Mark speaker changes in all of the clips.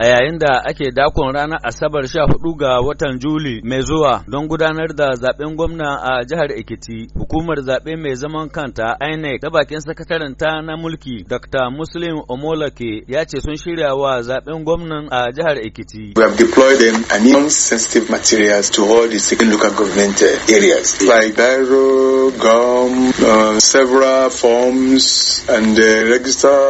Speaker 1: a yayin da ake dakon ranar asabar sha hudu ga watan juli mai zuwa don gudanar da zaben gwamna a jihar ekiti hukumar zaɓe mai zaman kanta inec da bakin sakataren ta na mulki dr muslim omolake ya ce sun shirya wa zaben gwamnan a jihar ekiti we have deployed and sensitive materials to all the second local government uh, areas like biro gum uh, several forms and the uh, register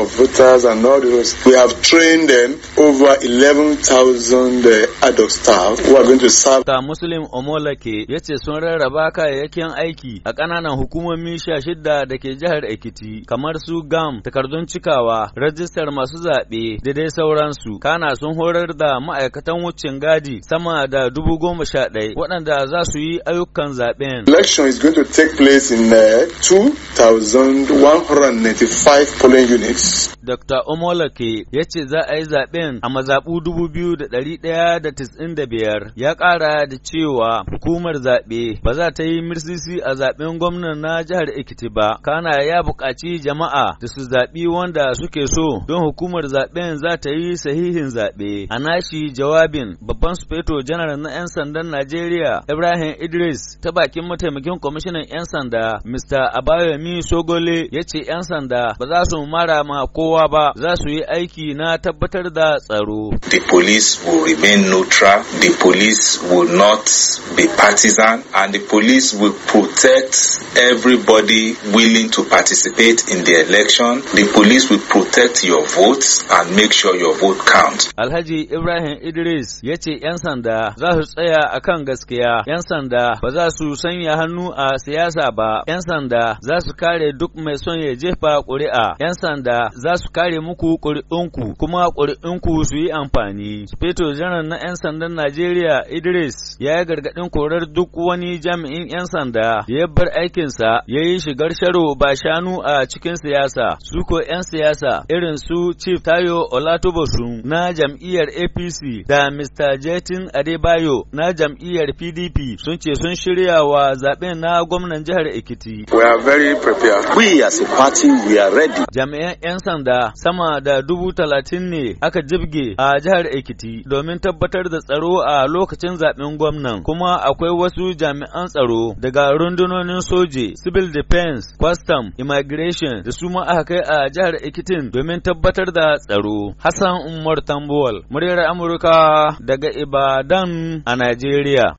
Speaker 1: of voters and all those we have trained them over 11,000 uh, eh, adult staff who are going to serve. Ta Muslim Omolake ya ce sun rarraba kayayyakin aiki a ƙananan hukumomi sha da ke jihar Ekiti kamar su GAM, takardun cikawa, rajistar masu zaɓe da dai sauran su. Kana sun horar da ma'aikatan wucin gadi sama da dubu goma waɗanda za su yi ayyukan zaɓen. Election is going to take place in uh, eh, 2,195 polling units. Dr. Omolake ya ce za a yi zaɓen a mazaɓu 2,195 ya ƙara da cewa hukumar zaɓe ba za ta yi mirsisi a zaɓen gwamnan na jihar Ekiti ba. Kana ya buƙaci jama'a da su zaɓi wanda suke so don hukumar zaɓen za ta yi sahihin zaɓe. A nashi jawabin babban sufeto janar na 'yan sandan Najeriya Ibrahim Idris ta bakin mataimakin kwamishinan 'yan sanda Mr. Abayomi Sogole ya ce 'yan sanda ba za su mara ma kowa kowa ba za su yi aiki na tabbatar da tsaro. The police will remain neutral, the police will not be partisan and the police will protect everybody willing to participate in the election. The police will protect your votes and make sure your vote counts. Alhaji Ibrahim Idris ya ce 'yan sanda za su tsaya a kan gaskiya, 'yan sanda ba za su sanya hannu a siyasa ba, 'yan sanda za su kare duk mai son ya jefa ƙuri'a, 'yan sanda za su su kare muku ƙuri'unku kuma ƙuri'unku su yi amfani. Feto janar na 'yan sandan Najeriya Idris ya yi gargaɗin korar duk wani jami'in 'yan sanda ya bar aikinsa ya yi shigar sharo ba shanu a cikin siyasa. Su ko 'yan siyasa irin su Chief Tayo Olatubosun na jam'iyyar APC da Mr. Jetin Adebayo na jam'iyyar PDP sun ce sun shirya wa zaɓen na gwamnan jihar Ekiti. We are very prepared. We as a party we are ready. Jami'an 'yan sanda guda sama da dubu talatin ne aka jibge a jihar Ekiti domin tabbatar da tsaro a lokacin zaɓen gwamnan kuma akwai wasu jami'an tsaro daga rundunonin soje, civil defense, custom, immigration da su ma aka kai a jihar Ekiti domin tabbatar da tsaro. Hassan Umar Tambuwal, muryar Amurka daga Ibadan a Najeriya.